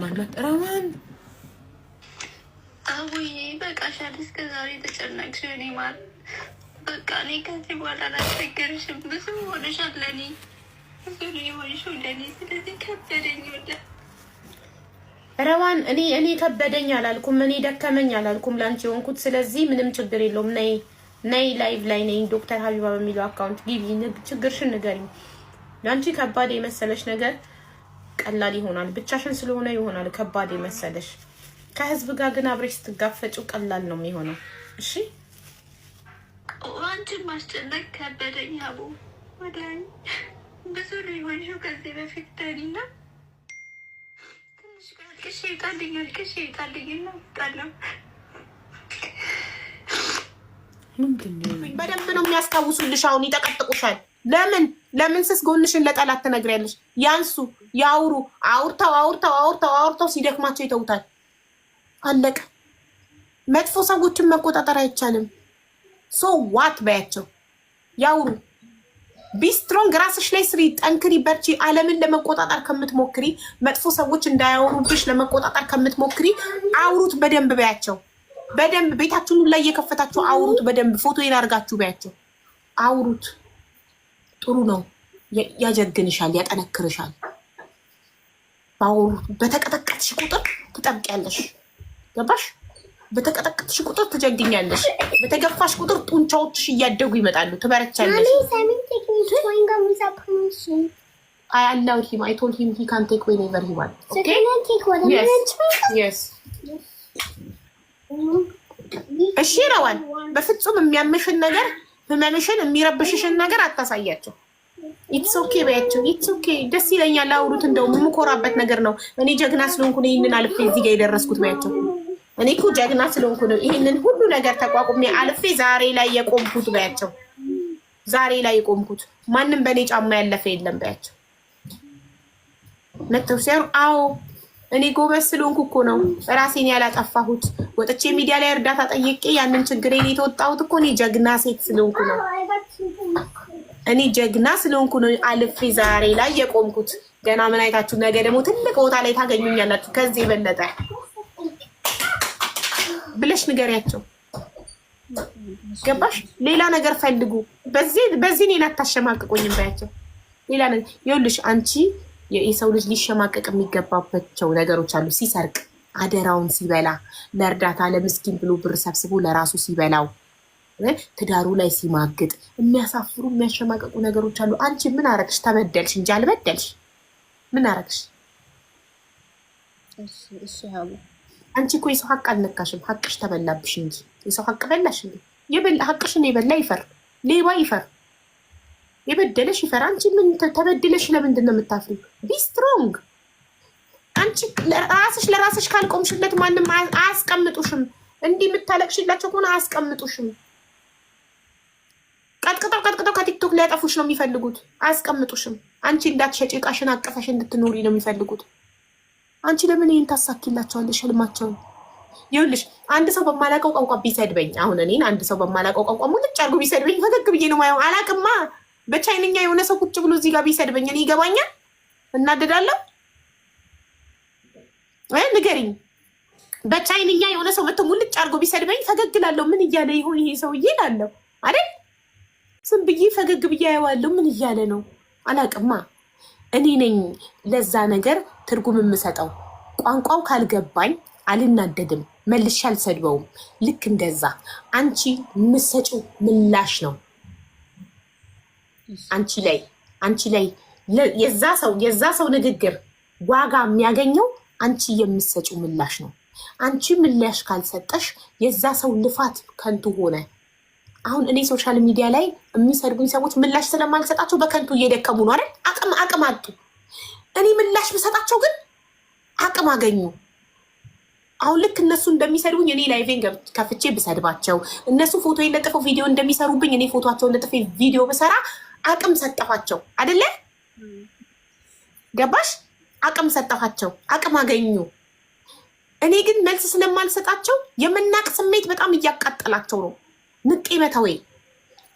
ማናት? ራማን አውይ በቃሻል። እስከ ዛሬ ተጨነቅሽ እኔ ማር በቃ እኔ ከዚህ በኋላ ላስቸገርሽም። ብዙ ሆነሻል ለእኔ ብዙ ሆንሽ ለእኔ። ስለዚህ ከበደኝ ወላ ረዋን እኔ እኔ ከበደኝ አላልኩም፣ እኔ ደከመኝ አላልኩም ላንቺ የሆንኩት። ስለዚህ ምንም ችግር የለውም። ነይ ነይ ላይቭ ላይ ነይ፣ ዶክተር ሀቢባ በሚለው አካውንት ግቢ፣ ችግርሽን ንገሪኝ። ላንቺ ከባድ የመሰለሽ ነገር ቀላል ይሆናል። ብቻሽን ስለሆነ ይሆናል ከባድ የመሰለሽ። ከህዝብ ጋር ግን አብሬ ስትጋፈጩ ቀላል ነው የሚሆነው። እሺ አንቺን ማስጨነቅ ከበደኝ አቡ ወዳኝ ብዙ ነው የሆንሽው ከዚህ በፊት ደህና ትንሽ ቅሽ ይጣልኛል፣ ቅሽ ይጣልኝና ነው ምንድን ነው በደንብ ነው የሚያስታውሱልሽ። አሁን ይጠቀጥቁሻል ለምን ለምን ስስ ጎንሽን ለጠላት ትነግሪያለሽ? ያንሱ ያውሩ። አውርተው አውርተው አውርተው አውርተው ሲደክማቸው ይተውታል። አለቀ። መጥፎ ሰዎችን መቆጣጠር አይቻልም። ሶ ዋት በያቸው፣ ያውሩ። ቢስትሮንግ ራስሽ ላይ ስሪ፣ ጠንክሪ፣ በርቺ። አለምን ለመቆጣጠር ከምትሞክሪ፣ መጥፎ ሰዎች እንዳያወሩብሽ ለመቆጣጠር ከምትሞክሪ፣ አውሩት በደንብ በያቸው። በደንብ ቤታችሁን ላይ እየከፈታችሁ አውሩት በደንብ ፎቶ ይናርጋችሁ በያቸው፣ አውሩት ጥሩ ነው፣ ያጀግንሻል፣ ያጠነክርሻል። በተቀጠቀጥሽ ቁጥር ትጠብቂያለሽ። ገባሽ? በተቀጠቀጥሽ ቁጥር ትጀግኛለሽ። በተገፋሽ ቁጥር ጡንቻዎችሽ እያደጉ ይመጣሉ። ትበረቻለሽ። I allowed him. I told him he can እሺ ይለዋል። በፍጹም የሚያምሽን ነገር ህመምሽን የሚረብሽሽን ነገር አታሳያቸው። ኢትስ ኦኬ በያቸው። ኢትስ ኦኬ ደስ ይለኛል። አውሩት፣ እንደው የምኮራበት ነገር ነው። እኔ ጀግና ስለሆንኩ ነው ይህንን አልፌ እዚህ ጋር የደረስኩት በያቸው። እኔ እኮ ጀግና ስለሆንኩ ነው ይህንን ሁሉ ነገር ተቋቁሜ አልፌ ዛሬ ላይ የቆምኩት በያቸው። ዛሬ ላይ የቆምኩት ማንም በእኔ ጫማ ያለፈ የለም በያቸው። መተው ሲያሩ አዎ እኔ ጎበዝ ስለሆንኩ እኮ ነው ራሴን ያላጠፋሁት። ወጥቼ ሚዲያ ላይ እርዳታ ጠይቄ ያንን ችግሬን የተወጣሁት እኮ እኔ ጀግና ሴት ስለሆንኩ ነው። እኔ ጀግና ስለሆንኩ ነው አልፌ ዛሬ ላይ የቆምኩት። ገና ምን አይታችሁ፣ ነገ ደግሞ ትልቅ ቦታ ላይ ታገኙኛላችሁ ከዚህ የበለጠ ብለሽ ንገሪያቸው። ገባሽ? ሌላ ነገር ፈልጉ። በዚህ በዚህ እኔን አታሸማቅቆኝም በያቸው። ሌላ ነገር ይኸውልሽ አንቺ የሰው ልጅ ሊሸማቀቅ የሚገባባቸው ነገሮች አሉ። ሲሰርቅ፣ አደራውን ሲበላ፣ ለእርዳታ ለምስኪን ብሎ ብር ሰብስቦ ለራሱ ሲበላው፣ ትዳሩ ላይ ሲማግጥ፣ የሚያሳፍሩ የሚያሸማቀቁ ነገሮች አሉ። አንቺ ምን አረግሽ? ተበደልሽ እንጂ አልበደልሽ። ምን አረግሽ? አንቺ እኮ የሰው ሀቅ አልነካሽም። ሀቅሽ ተበላብሽ እንጂ የሰው ሀቅ በላሽ ሀቅሽን የበላ ይፈር፣ ሌባ ይፈር። የበደለሽ ይፈራ። አንቺ ምን ተበድለሽ ለምንድን ነው የምታፍሪ? ቢ ስትሮንግ። አንቺ ራስሽ ለራስሽ ካልቆምሽለት ማንም አያስቀምጡሽም። እንዲህ የምታለቅሽላቸው ከሆነ አያስቀምጡሽም። ቀጥቅጠው ቀጥቅጠው ከቲክቶክ ሊያጠፉሽ ነው የሚፈልጉት። አያስቀምጡሽም። አንቺ እንዳትሸጪ ዕቃሽን አቅፈሽ እንድትኖሪ ነው የሚፈልጉት። አንቺ ለምን ይህን ታሳኪላቸዋለሽ ህልማቸውን? ይኸውልሽ አንድ ሰው በማላውቀው ቋንቋ ቢሰድበኝ፣ አሁን እኔን አንድ ሰው በማላውቀው ቋንቋ ሙልጭ አድርጎ ቢሰድበኝ ፈገግ ብዬ ነው ማየው። አላቅማ በቻይንኛ የሆነ ሰው ቁጭ ብሎ እዚህ ጋር ቢሰድበኝ እኔ ይገባኛል? እናደዳለሁ። ንገሪኝ። በቻይንኛ የሆነ ሰው መቶ ሙልጭ አድርጎ ቢሰድበኝ ፈገግ እላለሁ። ምን እያለ ይሆን ይሄ ሰውዬ እላለሁ አይደል? ዝም ብዬ ፈገግ ብዬ አየዋለሁ። ምን እያለ ነው አላቅማ። እኔ ነኝ ለዛ ነገር ትርጉም የምሰጠው። ቋንቋው ካልገባኝ አልናደድም፣ መልሼ አልሰድበውም። ልክ እንደዛ አንቺ የምትሰጪው ምላሽ ነው አንቺ ላይ አንቺ ላይ የዛ ሰው የዛ ሰው ንግግር ዋጋ የሚያገኘው አንቺ የምሰጪው ምላሽ ነው። አንቺ ምላሽ ካልሰጠሽ የዛ ሰው ልፋት ከንቱ ሆነ። አሁን እኔ ሶሻል ሚዲያ ላይ የሚሰድቡኝ ሰዎች ምላሽ ስለማልሰጣቸው በከንቱ እየደከሙ ነው አይደል? አቅም አቅም አጡ። እኔ ምላሽ ብሰጣቸው ግን አቅም አገኙ። አሁን ልክ እነሱ እንደሚሰድቡኝ እኔ ላይቬን ከፍቼ ብሰድባቸው፣ እነሱ ፎቶ ለጥፈው ቪዲዮ እንደሚሰሩብኝ እኔ ፎቶቸውን ለጥፌ ቪዲዮ ብሰራ አቅም ሰጠኋቸው አደለ? ገባሽ? አቅም ሰጠኋቸው፣ አቅም አገኙ። እኔ ግን መልስ ስለማልሰጣቸው የመናቅ ስሜት በጣም እያቃጠላቸው ነው። ንቄ መተወ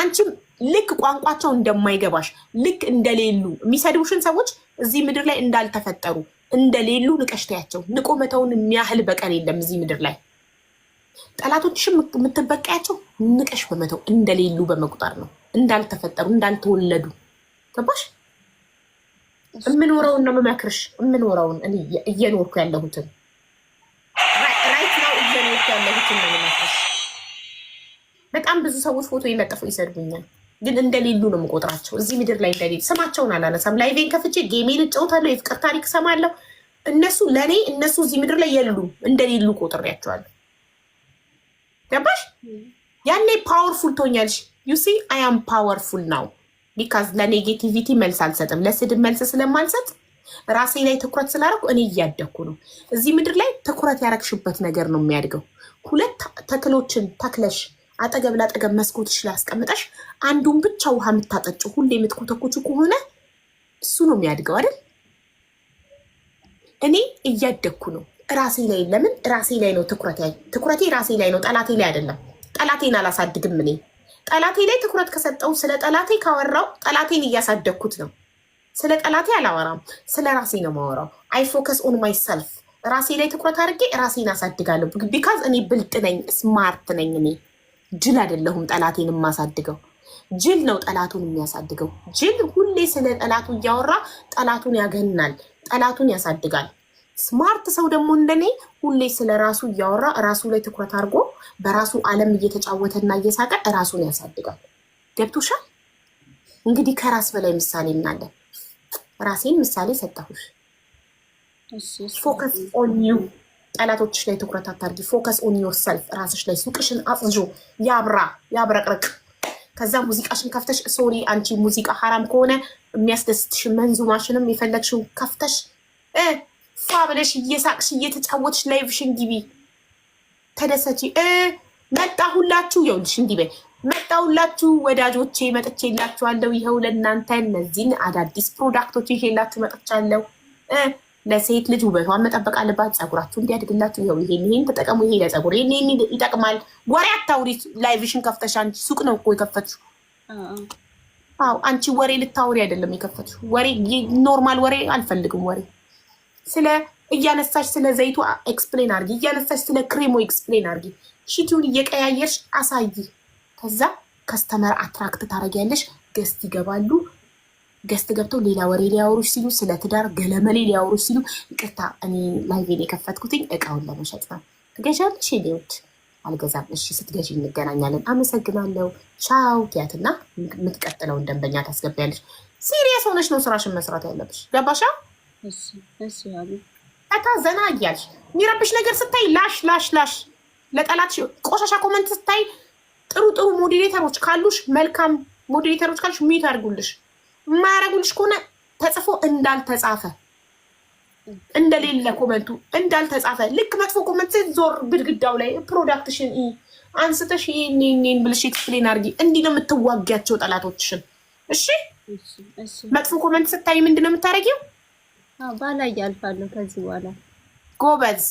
አንቺም ልክ ቋንቋቸው እንደማይገባሽ ልክ እንደሌሉ የሚሰድቡሽን ሰዎች እዚህ ምድር ላይ እንዳልተፈጠሩ እንደሌሉ ንቀሽ ተያቸው። ንቆ መተውን የሚያህል በቀል የለም እዚህ ምድር ላይ። ጠላቶችሽም የምትበቀያቸው ንቀሽ በመተው እንደሌሉ በመቁጠር ነው። እንዳልተፈጠሩ እንዳልተወለዱ ገባሽ? የምኖረውን ነው የምመክርሽ። የምኖረውን እየኖርኩ ያለሁትን ራይት ነው እየኖርኩ ያለሁትን ነው የምመክርሽ። በጣም ብዙ ሰዎች ፎቶ የለጠፈው ይሰድቡኛል፣ ግን እንደሌሉ ነው የምቆጥራቸው እዚህ ምድር ላይ እንደሌሉ። ስማቸውን አላነሳም። ላይቬን ከፍቼ ጌሜን እጫወታለሁ፣ የፍቅር ታሪክ ሰማለሁ። እነሱ ለእኔ እነሱ እዚህ ምድር ላይ የሉም፣ እንደሌሉ ቆጥሬያቸዋለሁ። ገባሽ? ያኔ ፓወርፉል ትሆኛለሽ። ዩሲ አይ አም ፓወርፉል ናው ቢካዝ ለኔጌቲቪቲ መልስ አልሰጥም፣ ለስድብ መልስ ስለማልሰጥ ራሴ ላይ ትኩረት ስላደረኩ እኔ እያደግኩ ነው። እዚህ ምድር ላይ ትኩረት ያረግሽበት ነገር ነው የሚያድገው። ሁለት ተክሎችን ተክለሽ አጠገብ ለአጠገብ መስኮትሽ ላይ አስቀምጠሽ አንዱን ብቻ ውሃ የምታጠጭው ሁሌ የምትኮተኩቹ ከሆነ እሱ ነው የሚያድገው አይደል? እኔ እያደግኩ ነው ራሴ ላይ። ለምን ራሴ ላይ ነው ትኩረቴ፣ ትኩረቴ ራሴ ላይ ነው፣ ጠላቴ ላይ አይደለም። ጠላቴን አላሳድግም እኔ ጠላቴ ላይ ትኩረት ከሰጠው ስለ ጠላቴ ካወራው ጠላቴን እያሳደግኩት ነው። ስለ ጠላቴ አላወራም፣ ስለ ራሴ ነው ማወራው። አይ ፎከስ ኦን ማይ ሰልፍ። ራሴ ላይ ትኩረት አድርጌ ራሴን አሳድጋለሁ። ቢካዝ እኔ ብልጥ ነኝ፣ ስማርት ነኝ። እኔ ጅል አይደለሁም ጠላቴን የማሳድገው። ጅል ነው ጠላቱን የሚያሳድገው። ጅል ሁሌ ስለ ጠላቱ እያወራ ጠላቱን ያገናል፣ ጠላቱን ያሳድጋል። ስማርት ሰው ደግሞ እንደኔ ሁሌ ስለ ራሱ እያወራ ራሱ ላይ ትኩረት አድርጎ በራሱ ዓለም እየተጫወተና እየሳቀ ራሱን ያሳድጋል። ገብቶሻል? እንግዲህ ከራስ በላይ ምሳሌ እናለን። ራሴን ምሳሌ ሰጠሁሽ። ፎከስ ኦን ዩ። ጠላቶችሽ ላይ ትኩረት አታርጊ። ፎከስ ኦን ዮር ሰልፍ። ራስሽ ላይ ሱቅሽን አጽጆ ያብራ ያብረቅርቅ። ከዛ ሙዚቃሽን ከፍተሽ ሶሪ፣ አንቺ ሙዚቃ ሀራም ከሆነ የሚያስደስትሽ መንዙማሽንም የፈለግሽው ከፍተሽ ፋ ብለሽ እየሳቅሽ እየተጫወትሽ ላይቭሽን ግቢ፣ ተደሰቺ። ሁላችሁ የውልሽ እንዲህ በይ ሁላችሁ ወዳጆቼ፣ መጥቼላችኋለሁ። ይኸው ለእናንተ እነዚህን አዳዲስ ፕሮዳክቶች ይዤላችሁ መጥቻለሁ። ለሴት ልጅ ውበቷን መጠበቅ አለባት፣ ፀጉራችሁ እንዲያድግላችሁ። ይኸው ይሄን ይሄን ተጠቀሙ፣ ይሄ ለፀጉር ይሄን ይጠቅማል። ወሬ አታውሪ። ላይቭሽን ከፍተሽ አንቺ ሱቅ ነው እኮ የከፈትሽው። አዎ አንቺ ወሬ ልታውሪ አይደለም የከፈትሽው። ወሬ ኖርማል ወሬ አልፈልግም ወሬ ስለ እያነሳሽ ስለ ዘይቱ ኤክስፕሌን አርጊ፣ እያነሳሽ ስለ ክሬሙ ኤክስፕሌን አርጊ። ሽቲውን እየቀያየርሽ አሳይ። ከዛ ከስተመር አትራክት ታደርጊያለሽ። ገስት ይገባሉ። ገስት ገብተው ሌላ ወሬ ሊያወሩሽ ሲሉ ስለ ትዳር ገለመሌ ሊያወሩሽ ሲሉ፣ ይቅርታ እኔ ላይቬን የከፈትኩትኝ እቃውን ለመሸጥ ነው። ትገዣለሽ? ሌዎች አልገዛም። እሺ ስትገዢ እንገናኛለን። አመሰግናለሁ። ቻው ትያትና የምትቀጥለውን ደንበኛ ታስገቢያለሽ። ሲሪየስ ሆነሽ ነው ስራሽን መስራት ያለብሽ። ገባሻ? እታ ዘና እያልሽ የሚረብሽ ነገር ስታይ ላሽ ላሽ ላሽ ለጠላትሽ ቆሻሻ ኮመንት ስታይ ጥሩ ጥሩ ሞዲሬተሮች ካሉሽ መልካም ሞዲሬተሮች ካሉሽ ሚት አድርጉልሽ። የማያደርጉልሽ ከሆነ ተጽፎ እንዳልተጻፈ እንደሌለ ኮመንቱ እንዳልተጻፈ ልክ መጥፎ ኮመንት ዞር ብድግዳው ላይ ፕሮዳክትሽን አንስተሽ ይህንን ብልሽ ኤክስፕሌን አድርጊ። እንዲህ ነው የምትዋጊያቸው ጠላቶችሽን። እሺ መጥፎ ኮመንት ስታይ ምንድን ነው የምታደርጊው? ባላይ ያልፋለሁ። ከዚህ በኋላ ጎበዝ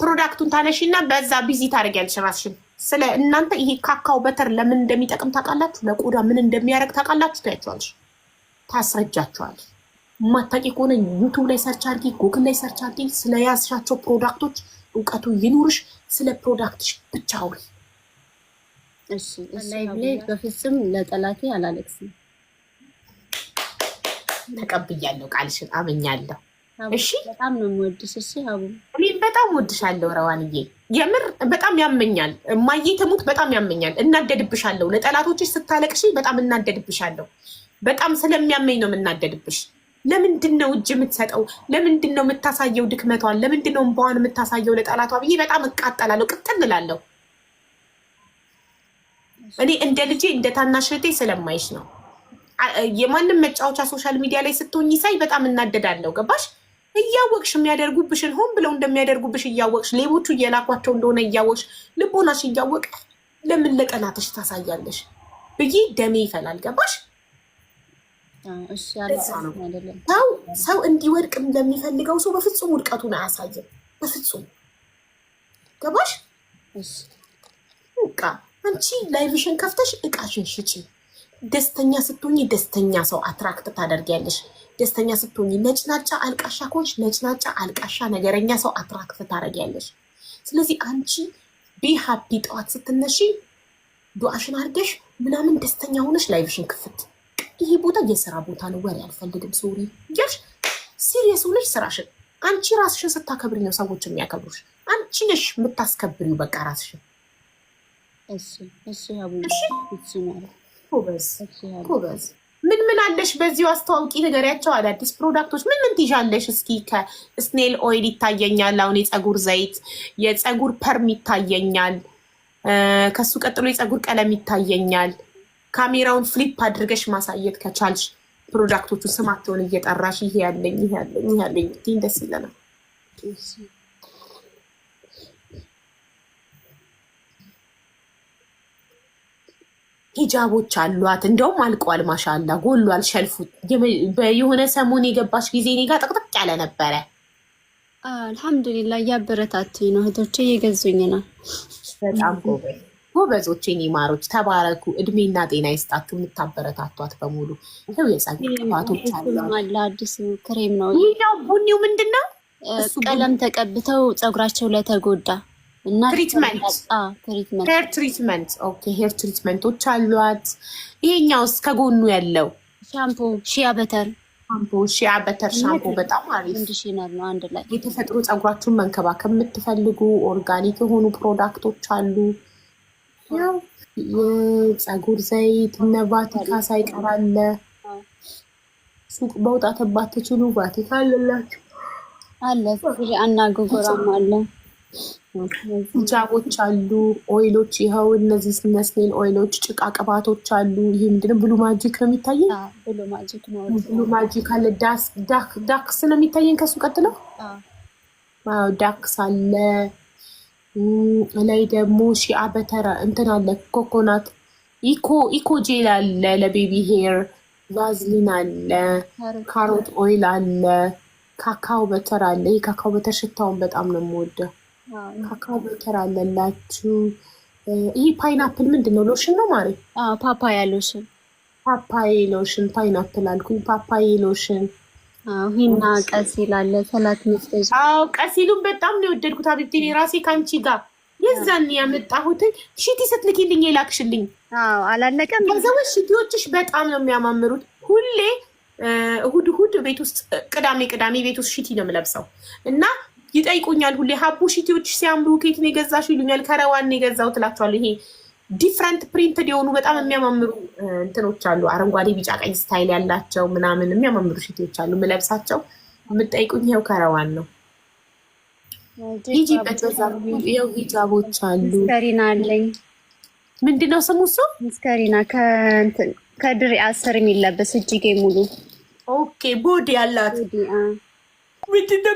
ፕሮዳክቱን ታነሽና በዛ ቢዚ ታደርጊያለሽ እራስሽን። ስለ እናንተ ይሄ ካካው በተር ለምን እንደሚጠቅም ታውቃላችሁ፣ ለቆዳ ምን እንደሚያደርግ ታውቃላችሁ። ታያችኋለሽ፣ ታስረጃችኋለሽ። የማታውቂ ከሆነ ዩቱብ ላይ ሰርች አድርጊ፣ ጉግል ላይ ሰርች አድርጊ። ስለ ያዝሻቸው ፕሮዳክቶች እውቀቱ ይኑርሽ። ስለ ፕሮዳክትሽ ብቻ አውሪ። እሺ፣ በፍጹም ለጠላቴ አላለቅስም። ተቀብያለሁ፣ ቃልሽን አመኛለሁ። እሺ በጣም ነው የምወድሽ። እሺ አቡ በጣም ወድሻለሁ ረዋንዬ። የምር በጣም ያመኛል። እማዬ ትሙት በጣም ያመኛል። እናደድብሻለሁ። ለጠላቶችሽ ስታለቅሽ በጣም እናደድብሻለሁ። በጣም ስለሚያመኝ ነው የምናደድብሽ። ለምንድን ነው እጅ የምትሰጠው? ለምንድን ነው የምታሳየው ድክመቷን? ለምንድን ነው እንባዋን የምታሳየው ለጠላቷ ብዬ በጣም እቃጠላለሁ፣ ቅጥል እላለሁ። እኔ እንደ ልጄ እንደ ታናሽ እህቴ ስለማይሽ ነው የማንም መጫወቻ ሶሻል ሚዲያ ላይ ስትሆኝ ሳይ በጣም እናደዳለው። ገባሽ? እያወቅሽ የሚያደርጉብሽን ሆን ብለው እንደሚያደርጉብሽ እያወቅሽ ሌቦቹ እየላኳቸው እንደሆነ እያወቅሽ ልቦናሽ እያወቀ ለምን ለቀናትሽ ታሳያለሽ ብዬ ደሜ ይፈላል። ገባሽ? ሰው ሰው እንዲወድቅ ለሚፈልገው ሰው በፍጹም ውድቀቱን አያሳይም። በፍጹም ገባሽ? በቃ አንቺ ላይቭሽን ከፍተሽ እቃሽን ሽጪ። ደስተኛ ስትሆኝ ደስተኛ ሰው አትራክት ታደርጊያለሽ። ደስተኛ ስትሆኝ ነጭናጫ አልቃሻ ከሆንሽ ነጭናጫ አልቃሻ ነገረኛ ሰው አትራክት ታደርጊያለሽ። ስለዚህ አንቺ ቢ ሀፒ ጠዋት ስትነሺ ዱአሽን አድርገሽ ምናምን ደስተኛ ሆነሽ ላይብሽን ክፍት ይሄ ቦታ የስራ ቦታ ነው፣ ወሬ አልፈልግም፣ ሶሪ እያልሽ ሲሪየስ ሆነሽ ስራሽን አንቺ ራስሽን ስታከብሪ ነው ሰዎች የሚያከብሩሽ። አንቺ ነሽ የምታስከብሪው በቃ ራስሽን። እሺ እሺ ጎበዝ ጎበዝ። ምን ምን አለሽ? በዚሁ አስተዋውቂ፣ ንገሪያቸው። አዳዲስ ፕሮዳክቶች ምን ምን ትይዣለሽ? እስኪ ከስኔል ኦይል ይታየኛል። አሁን የፀጉር ዘይት፣ የፀጉር ፐርም ይታየኛል። ከሱ ቀጥሎ የፀጉር ቀለም ይታየኛል። ካሜራውን ፍሊፕ አድርገሽ ማሳየት ከቻልሽ ፕሮዳክቶቹ ስማቸውን እየጠራሽ ይሄ ያለኝ ይሄ ያለኝ ይሄ ያለኝ ደስ ይለናል። ሂጃቦች አሏት። እንደውም አልቋል። ማሻላ ጎሏል፣ ሸልፉ የሆነ ሰሞን የገባሽ ጊዜ እኔ ጋር ጥቅጥቅ ያለ ነበረ። አልሐምዱሊላ እያበረታትኝ ነው እህቶቼ፣ እየገዙኝ ነው። በጣም ጎበዝ ጎበዞች፣ የኔ ማሮች ተባረኩ። እድሜና ጤና ይስጣችሁ። የምታበረታቷት በሙሉ ው የጸባቶች አለ። አዲስ ክሬም ነው ቡኒው። ምንድን ነው ቀለም ተቀብተው ጸጉራቸው ለተጎዳ ሄር ትሪትመንት ኦኬ፣ ሄር ትሪትመንቶች አሏት። ይሄኛውስ ከጎኑ ያለው ሻምፖ ሺያ በተር ሻምፖ ሺያ በተር ሻምፖ በጣም አሪፍ አንድ ላይ የተፈጥሮ ፀጉራችሁን መንከባከብ የምትፈልጉ ኦርጋኒክ የሆኑ ፕሮዳክቶች አሉ። ያው የፀጉር ዘይት እነ ቫቲካ ሳይቀር አለ። ሱቅ መውጣት ባትችሉ ቫቲካ አለላችሁ አለ። አና ጎጎራም አለ ሂጃቦች አሉ፣ ኦይሎች ይኸው እነዚህ ስነስኔል ኦይሎች፣ ጭቃ ቅባቶች አሉ። ይህ ምንድነው? ብሉ ማጂክ ነው የሚታየኝ። ብሉ ማጂክ አለ፣ ዳክስ ነው የሚታየኝ። ከሱ ቀጥለው ዳክስ አለ። ላይ ደግሞ ሺአ በተራ እንትን አለ፣ ኮኮናት ኢኮ ኢኮ ጄል አለ፣ ለቤቢ ሄር ቫዝሊን አለ፣ ካሮት ኦይል አለ፣ ካካው በተር አለ። ይህ ካካው በተር ሽታውን በጣም ነው የምወደው። ካካ ቤከር አለላችሁ። ይህ ፓይናፕል ምንድን ነው? ሎሽን ነው ማሪ? ፓፓያ ሎሽን፣ ፓፓዬ ሎሽን፣ ፓይናፕል አልኩኝ። ፓፓዬ ሎሽን ሂና ቀሲል አለ። ሰላት መስገጃ። አዎ ቀሲሉን በጣም ነው የወደድኩት። አቢብቴን የራሴ ከአንቺ ጋር የዛን ያመጣሁትን ሽቲ ስትልኪልኝ የላክሽልኝ አላለቀም። ከዛዎች ሽቲዎችሽ በጣም ነው የሚያማምሩት። ሁሌ እሁድ እሁድ ቤት ውስጥ ቅዳሜ ቅዳሜ ቤት ውስጥ ሽቲ ነው የምለብሰው እና ይጠይቁኛል ሁሌ ሀቡ ሽቲዎች ሲያምሩ ኬት ነው የገዛሽ ይሉኛል። ከረዋን ነው የገዛው እላቸዋለሁ። ይሄ ዲፍረንት ፕሪንትድ የሆኑ በጣም የሚያማምሩ እንትኖች አሉ። አረንጓዴ፣ ቢጫ፣ ቀይ ስታይል ያላቸው ምናምን የሚያማምሩ ሽቲዎች አሉ ምለብሳቸው። የምጠይቁኝ ይኸው ከረዋን ነው። ሂጂበት ይኸው ሂጃቦች አሉ። ስከሪና አለኝ። ምንድን ነው ስሙ? እሱ ስከሪና ከድር አስር የሚለበስ እጅጌ ሙሉ ኦኬ ቦዲ አላት ምንድን ነው